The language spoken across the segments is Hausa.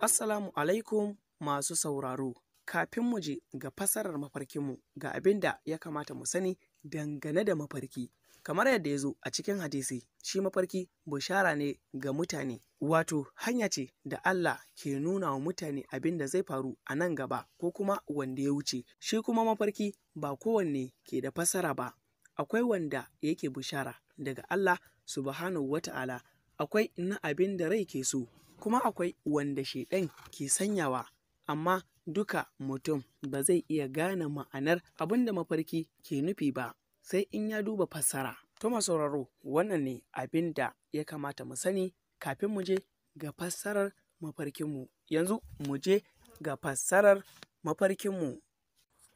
Assalamu alaikum masu sauraro, kafin mu je ga fasarar mafarkinmu ga abin da ya kamata mu sani dangane da mafarki. Kamar yadda ya zo a cikin hadisi, shi mafarki bushara ne ga mutane, wato hanya ce da Allah ke nuna wa mutane abin da zai faru a nan gaba ko kuma wanda ya wuce. Shi kuma mafarki ba kowanne ke da fasara ba, akwai wanda yake bushara daga Allah subhanahu Ta'ala. akwai na abin da rai ke so kuma akwai wanda shaidan ke sanyawa amma duka mutum ba zai iya gane ma'anar abin da mafarki ke nufi ba sai in ya duba fassara Tuma sauraro wannan ne abin da ya kamata mu sani kafin mu je ga fassarar mafarkinmu yanzu mu je ga fassarar mafarkinmu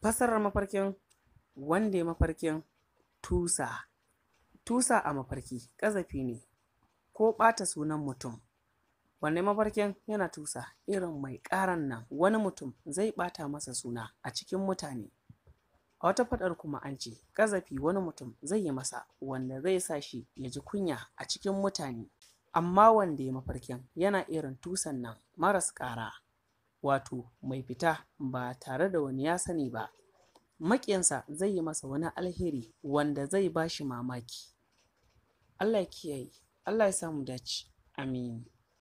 fassarar mafarkin wanda ya mafarkin tusa tusa a mafarki ƙazafi ne ko ɓata sunan mutum wannan mafarkin yana tusa irin mai ƙaran nan wani mutum zai ɓata masa suna a cikin mutane a wata faɗar kuma an ce ƙazafi wani mutum zai yi masa wanda zai sa shi ya ji kunya a cikin mutane amma wanda ya mafarkin yana irin tusan nan maras ƙara wato mai fita ba tare da wani ya sani ba Makiyansa zai yi masa wani alheri wanda zai ba shi mamaki Allah kiyaye Allah ya samu dace. Amin.